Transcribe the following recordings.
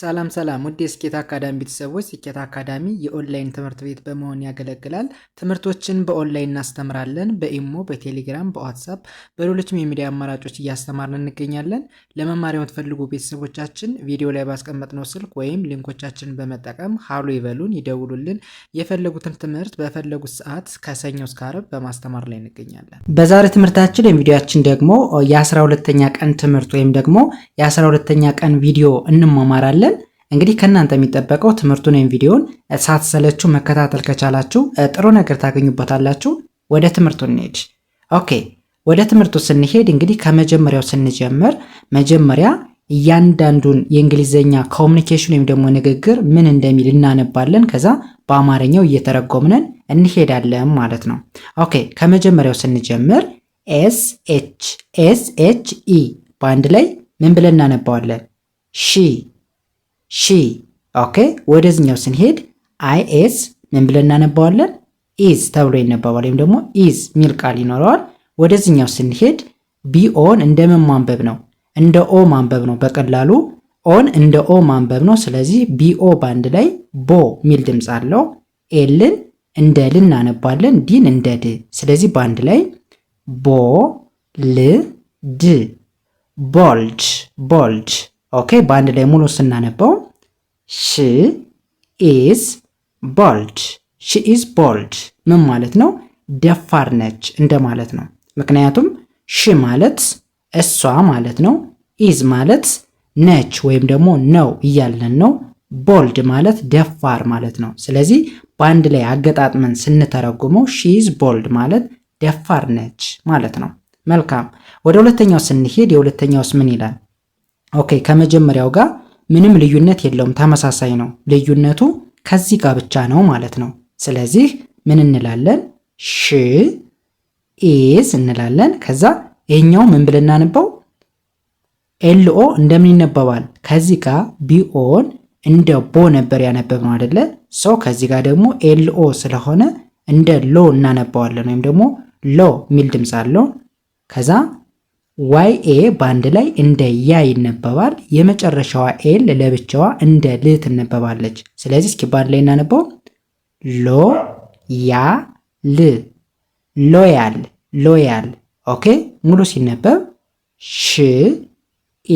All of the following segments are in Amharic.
ሰላም ሰላም ውድ የስኬት አካዳሚ ቤተሰቦች፣ ስኬት አካዳሚ የኦንላይን ትምህርት ቤት በመሆን ያገለግላል። ትምህርቶችን በኦንላይን እናስተምራለን። በኢሞ፣ በቴሌግራም፣ በዋትሳፕ፣ በሌሎችም የሚዲያ አማራጮች እያስተማርን እንገኛለን። ለመማር የምትፈልጉ ቤተሰቦቻችን ቪዲዮ ላይ ባስቀመጥነው ስልክ ወይም ሊንኮቻችንን በመጠቀም ሀሎ ይበሉን፣ ይደውሉልን። የፈለጉትን ትምህርት በፈለጉት ሰዓት ከሰኞ እስከ ዓርብ በማስተማር ላይ እንገኛለን። በዛሬ ትምህርታችን የቪዲዮችን ደግሞ የ12ተኛ ቀን ትምህርት ወይም ደግሞ የ12ተኛ ቀን ቪዲዮ እንማማራለን። እናያለን። እንግዲህ ከእናንተ የሚጠበቀው ትምህርቱን ወይም ቪዲዮን ሳትሰለችሁ መከታተል ከቻላችሁ ጥሩ ነገር ታገኙበታላችሁ። ወደ ትምህርቱ እንሄድ። ኦኬ ወደ ትምህርቱ ስንሄድ እንግዲህ ከመጀመሪያው ስንጀምር መጀመሪያ እያንዳንዱን የእንግሊዝኛ ኮሚኒኬሽን ወይም ደግሞ ንግግር ምን እንደሚል እናነባለን። ከዛ በአማርኛው እየተረጎምነን እንሄዳለን ማለት ነው። ኦኬ ከመጀመሪያው ስንጀምር ኤስ ኤች ኤስ ኤች ኢ በአንድ ላይ ምን ብለን እናነባዋለን? ሺ ሺ ኦኬ። ወደዚኛው ስንሄድ አይ ኤስ ምን ብለን እናነባዋለን? ኢዝ ተብሎ ይነባባል፣ ወይም ደግሞ ኢዝ ሚል ቃል ይኖረዋል። ወደዚኛው ስንሄድ ቢኦን እንደምን ማንበብ ነው? እንደ ኦ ማንበብ ነው በቀላሉ ኦን እንደ ኦ ማንበብ ነው። ስለዚህ ቢኦ ባንድ ላይ ቦ ሚል ድምፅ አለው። ኤልን እንደ ል እናነባለን፣ ዲን እንደ ድ። ስለዚህ ባንድ ላይ ቦ ል ድ ቦልድ ቦልድ ኦኬ በአንድ ላይ ሙሉ ስናነበው ሺ ኢዝ ቦልድ ሺ ኢዝ ቦልድ ምን ማለት ነው? ደፋር ነች እንደማለት ነው። ምክንያቱም ሺ ማለት እሷ ማለት ነው። ኢዝ ማለት ነች ወይም ደግሞ ነው እያለን ነው። ቦልድ ማለት ደፋር ማለት ነው። ስለዚህ በአንድ ላይ አገጣጥመን ስንተረጉመው ሺ ቦልድ ማለት ደፋር ነች ማለት ነው። መልካም ወደ ሁለተኛው ስንሄድ የሁለተኛውስ ምን ይላል? ኦኬ ከመጀመሪያው ጋር ምንም ልዩነት የለውም፣ ተመሳሳይ ነው። ልዩነቱ ከዚህ ጋር ብቻ ነው ማለት ነው። ስለዚህ ምን እንላለን? ሽ ኢዝ እንላለን። ከዛ ይሄኛው ምን ብለን እናንበው? ኤልኦ እንደምን ይነበባል? ከዚህ ጋር ቢኦን እንደ ቦ ነበር ነው አይደለ? ሶ ከዚህ ጋር ደግሞ ኤልኦ ስለሆነ እንደ ሎ እናነባዋለን፣ ወይም ደግሞ ሎ የሚል ድምፅ አለው። ከዛ ዋይ ኤ በአንድ ላይ እንደ ያ ይነበባል። የመጨረሻዋ ኤል ለብቻዋ እንደ ል ትነበባለች። ስለዚህ እስኪ በአንድ ላይ እናነበው ሎ ያ ል ሎያል ሎያል። ኦኬ ሙሉ ሲነበብ ሺ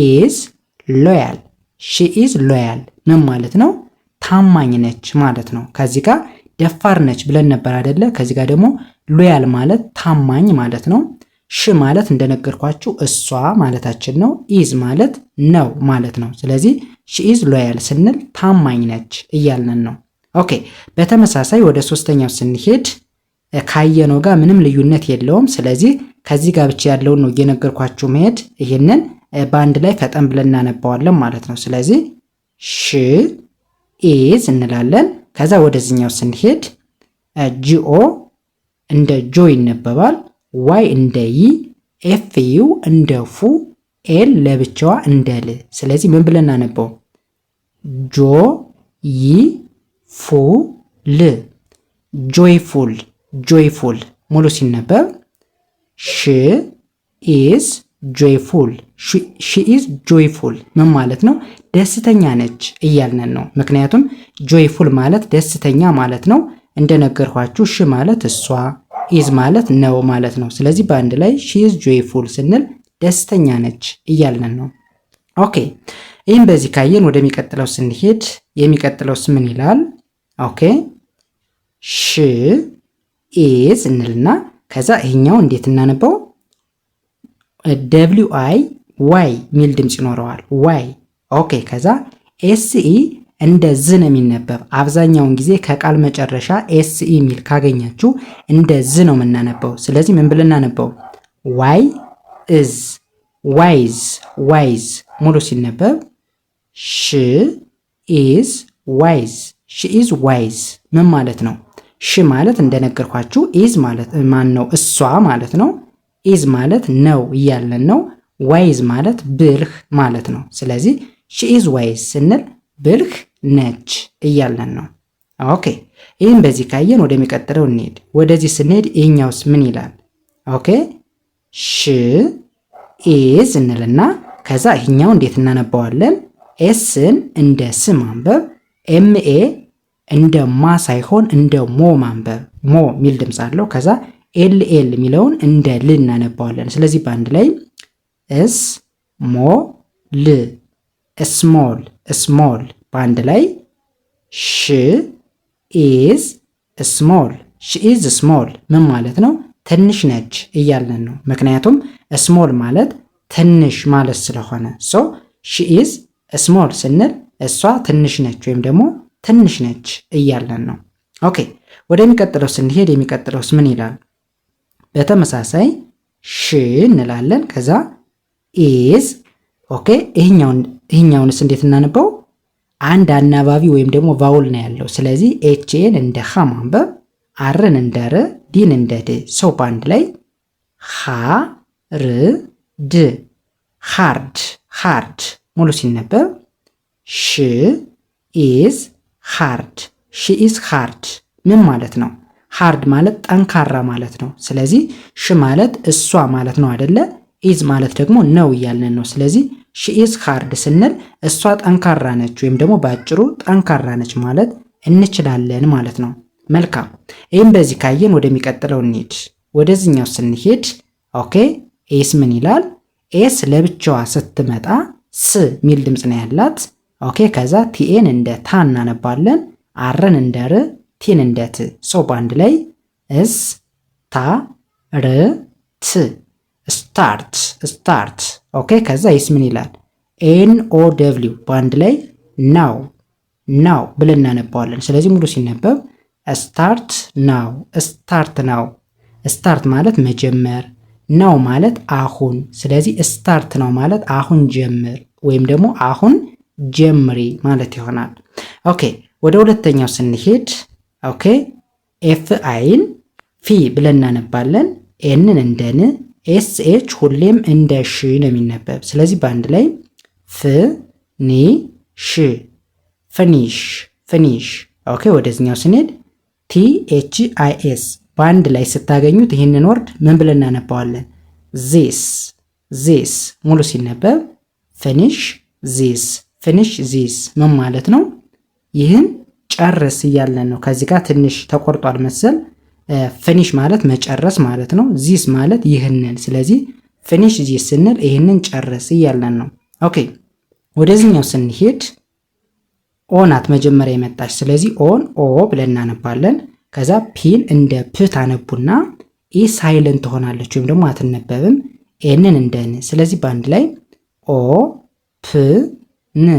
ኢዝ ሎያል ሺ ኢዝ ሎያል ምን ማለት ነው? ታማኝ ነች ማለት ነው። ከዚህ ጋር ደፋር ነች ብለን ነበር አደለ? ከዚህ ጋር ደግሞ ሎያል ማለት ታማኝ ማለት ነው። ሽ ማለት እንደነገርኳችሁ እሷ ማለታችን ነው። ኢዝ ማለት ነው ማለት ነው። ስለዚህ ሺ ኢዝ ሎያል ስንል ታማኝ ነች እያልነን ነው። ኦኬ በተመሳሳይ ወደ ሶስተኛው ስንሄድ ካየነው ጋር ምንም ልዩነት የለውም። ስለዚህ ከዚህ ጋር ብቻ ያለውን ነው እየነገርኳችሁ መሄድ። ይህንን በአንድ ላይ ፈጠን ብለን እናነባዋለን ማለት ነው። ስለዚህ ሺ ኢዝ እንላለን። ከዛ ወደዚህኛው ስንሄድ ጂኦ እንደ ጆ ይነበባል። ዋይ እንደ ይ፣ ኤፍ ዩ እንደ ፉ፣ ኤል ለብቻዋ እንደ ል። ስለዚህ ምን ብለን እናነበው? ጆ ይ ፉ ል ጆይፉል ጆይፉል ሙሉ ሲነበብ ሽ ኢዝ ጆይፉል ሺ ኢዝ ጆይፉል ምን ማለት ነው? ደስተኛ ነች እያልነን ነው። ምክንያቱም ጆይፉል ማለት ደስተኛ ማለት ነው። እንደነገርኋችሁ ሺ ማለት እሷ ኢዝ ማለት ነው ማለት ነው። ስለዚህ በአንድ ላይ ሺዝ ጆይፉል ስንል ደስተኛ ነች እያልንን ነው። ኦኬ ይህም በዚህ ካየን ወደሚቀጥለው ስንሄድ የሚቀጥለውስ ምን ይላል? ኦኬ ሽ ኢዝ እንልና ከዛ ይህኛው እንዴት እናነበው? ደብሊው አይ ዋይ ሚል ድምፅ ይኖረዋል። ዋይ ኦኬ ከዛ ኤስኢ እንደ ዝ ነው የሚነበብ። አብዛኛውን ጊዜ ከቃል መጨረሻ ኤስ ኢ የሚል ካገኛችሁ እንደ ዝ ነው የምናነበው። ስለዚህ ምን ብለን እናነበው? ዋይ እዝ ዋይዝ ዋይዝ ሙሉ ሲነበብ ሽ ኢዝ ዋይዝ ሽ ኢዝ ዋይዝ ምን ማለት ነው? ሽ ማለት እንደነገርኳችሁ ኢዝ ማለት ማን ነው? እሷ ማለት ነው። ኢዝ ማለት ነው እያለን ነው። ዋይዝ ማለት ብልህ ማለት ነው። ስለዚህ ሽ ኢዝ ዋይዝ ስንል ብልህ ነች እያለን ነው። ኦኬ ይህን በዚህ ካየን ወደሚቀጥለው እንሄድ። ወደዚህ ስንሄድ ይህኛውስ ምን ይላል? ኦኬ ሽ ኢዝ እንልና ከዛ ይህኛው እንዴት እናነባዋለን? ኤስን እንደ ስ ማንበብ፣ ኤምኤ እንደ ማ ሳይሆን እንደ ሞ ማንበብ። ሞ የሚል ድምፅ አለው። ከዛ ኤል ኤል የሚለውን እንደ ል እናነባዋለን። ስለዚህ በአንድ ላይ እስ ሞ ል ስሞል ስሞል በአንድ ላይ ሽ ኢዝ ስሞል ሽ ኢዝ ስሞል ምን ማለት ነው? ትንሽ ነች እያለን ነው። ምክንያቱም ስሞል ማለት ትንሽ ማለት ስለሆነ ሶ ሽ ኢዝ ስሞል ስንል እሷ ትንሽ ነች ወይም ደግሞ ትንሽ ነች እያለን ነው። ኦኬ ወደሚቀጥለው ስንሄድ የሚቀጥለውስ ምን ይላል? በተመሳሳይ ሽ እንላለን ከዛ ኢዝ ኦኬ ይህኛውንስ እንዴት እናነበው? አንድ አናባቢ ወይም ደግሞ ቫውል ነው ያለው። ስለዚህ ኤችኤን እንደ ሀ ማንበብ፣ አርን እንደ ር፣ ዲን እንደ ድ፣ ሰው በአንድ ላይ ሀ ር ድ ሃርድ ሃርድ ሙሉ ሲነበብ ሽ ኢዝ ሃርድ ሽ ኢዝ ሃርድ ምን ማለት ነው? ሃርድ ማለት ጠንካራ ማለት ነው። ስለዚህ ሽ ማለት እሷ ማለት ነው አደለ? ኢዝ ማለት ደግሞ ነው እያልን ነው። ስለዚህ ሺኢዝ ሃርድ ስንል እሷ ጠንካራ ነች ወይም ደግሞ በአጭሩ ጠንካራ ነች ማለት እንችላለን ማለት ነው። መልካም ይህም በዚህ ካየን ወደሚቀጥለው እንሄድ። ወደዚህኛው ስንሄድ ኦኬ ኤስ ምን ይላል? ኤስ ለብቻዋ ስትመጣ ስ ሚል ድምፅ ነው ያላት። ኦኬ ከዛ ቲኤን እንደ ታ እናነባለን፣ አርን እንደ ር፣ ቲን እንደ ት። ሶ በአንድ ላይ እስ ታ ር ት ስታርት ስታርት። ኦኬ ከዛ ይስ ምን ይላል? ኤን ኦ ደብሊው በአንድ ላይ ናው ናው ብለን እናነባዋለን። ስለዚህ ሙሉ ሲነበብ ስታርት ናው ስታርት ናው። ስታርት ማለት መጀመር፣ ናው ማለት አሁን። ስለዚህ ስታርት ናው ማለት አሁን ጀምር ወይም ደግሞ አሁን ጀምሪ ማለት ይሆናል። ኦኬ ወደ ሁለተኛው ስንሄድ ኦኬ ኤፍ አይን ፊ ብለን እናነባለን። ኤንን እንደን? ኤስ ኤች ሁሌም እንደ ሽ ነው የሚነበብ። ስለዚህ በአንድ ላይ ፍ ኒ ሽ ፍኒሽ ፍኒሽ። ኦኬ ወደዚኛው ስንሄድ ቲ ኤች አይ ኤስ በአንድ ላይ ስታገኙት ይህንን ወርድ ምን ብለን እናነባዋለን? ዚስ ዚስ ሙሉ ሲነበብ ፍኒሽ ዚስ ፍኒሽ ዚስ ምን ማለት ነው? ይህን ጨርስ እያለን ነው። ከዚህ ጋር ትንሽ ተቆርጧል መሰል ፊኒሽ ማለት መጨረስ ማለት ነው። ዚስ ማለት ይህንን። ስለዚህ ፊኒሽ ዚስ ስንል ይህንን ጨርስ እያለን ነው። ኦኬ ወደዚህኛው ስንሄድ ኦናት መጀመሪያ የመጣች። ስለዚህ ኦን ኦ ብለን እናነባለን። ከዛ ፒን እንደ ፕ ታነቡና ኢ ሳይለንት ትሆናለች ወይም ደግሞ አትነበብም። ኤንን እንደ ን። ስለዚህ በአንድ ላይ ኦ ፕ ን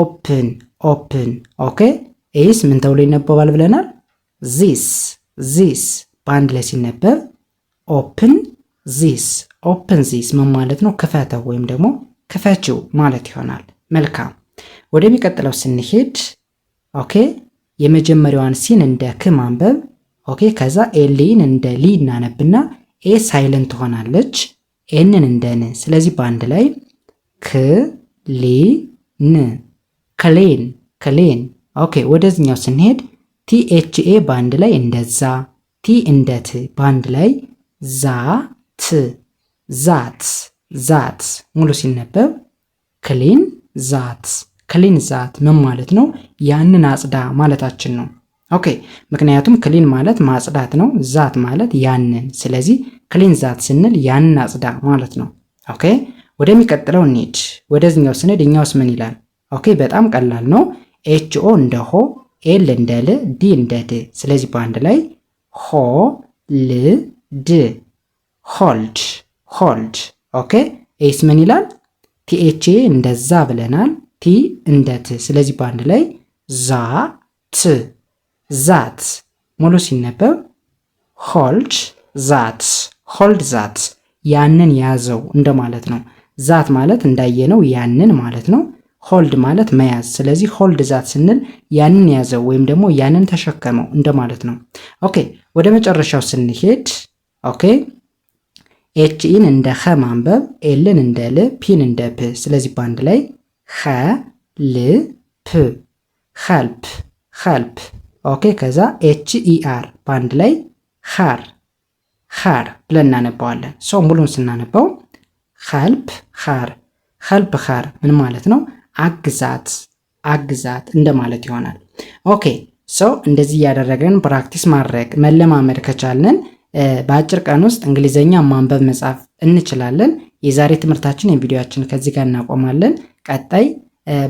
ኦፕን ኦፕን። ኦኬ ኢስ ምን ተብሎ ይነበባል ብለናል? ዚስ ዚስ በአንድ ላይ ሲነበብ ኦፕን ዚስ ኦፕን ዚስ ምን ማለት ነው? ክፈተው ወይም ደግሞ ክፈችው ማለት ይሆናል። መልካም ወደሚቀጥለው ስንሄድ ኦኬ የመጀመሪያዋን ሲን እንደ ክ ማንበብ ኦኬ። ከዛ ኤሊን እንደ ሊ እናነብና ኤ ሳይለንት ትሆናለች ኤንን እንደ ን። ስለዚህ በአንድ ላይ ክ ሊ ን ክሌን ክሌን። ኦኬ ወደዚኛው ስንሄድ ቲ እች ኤ ባንድ ላይ እንደዛ ቲ እንደ ት ባንድ ላይ ዛ ት ዛት ዛት ሙሉ ሲነበብ ክሊን ዛት ክሊን ዛት ምን ማለት ነው? ያንን አጽዳ ማለታችን ነው። ኦኬ ምክንያቱም ክሊን ማለት ማጽዳት ነው። ዛት ማለት ያንን። ስለዚህ ክሊን ዛት ስንል ያንን አጽዳ ማለት ነው። ኦኬ ወደሚቀጥለው እንሂድ። ወደዚኛው ስንሄድ እኛውስ ምን ይላል? ኦኬ በጣም ቀላል ነው። ኤች ኦ እንደ ሆ ኤል እንደ ል፣ ዲ እንደ ድ። ስለዚህ በአንድ ላይ ሆ ል ድ ሆልድ ሆልድ። ኦኬ ኤስ ምን ይላል? ቲኤች ኤ እንደዛ ብለናል። ቲ እንደ ት። ስለዚህ በአንድ ላይ ዛ ት ዛት። ሙሉ ሲነበብ ሆልድ ዛት ሆልድ ዛት፣ ያንን ያዘው እንደማለት ነው። ዛት ማለት እንዳየነው ያንን ማለት ነው። ሆልድ ማለት መያዝ። ስለዚህ ሆልድ ዛት ስንል ያንን ያዘው ወይም ደግሞ ያንን ተሸከመው እንደማለት ነው። ኦኬ ወደ መጨረሻው ስንሄድ ኦኬ ኤችኢን እንደ ኸ ማንበብ፣ ኤልን እንደ ል፣ ፒን እንደ ፕ። ስለዚህ በአንድ ላይ ኸ ል ፕ ኸልፕ ኸልፕ። ኦኬ ከዛ ኤች ኢ አር በአንድ ላይ ኻር ኻር ብለን እናነባዋለን። ሰው ሙሉን ስናነባው ኸልፕ ኻር ኸልፕ ኻር ምን ማለት ነው? አግዛት አግዛት እንደማለት ይሆናል። ኦኬ ሰው እንደዚህ ያደረገን ፕራክቲስ ማድረግ መለማመድ ከቻለን በአጭር ቀን ውስጥ እንግሊዘኛ ማንበብ መጻፍ እንችላለን። የዛሬ ትምህርታችን የቪዲዮችን ከዚህ ጋር እናቆማለን። ቀጣይ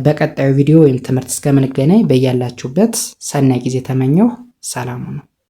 በቀጣዩ ቪዲዮ ወይም ትምህርት እስከምንገናኝ በያላችሁበት ሰናይ ጊዜ ተመኘሁ። ሰላሙ ነው።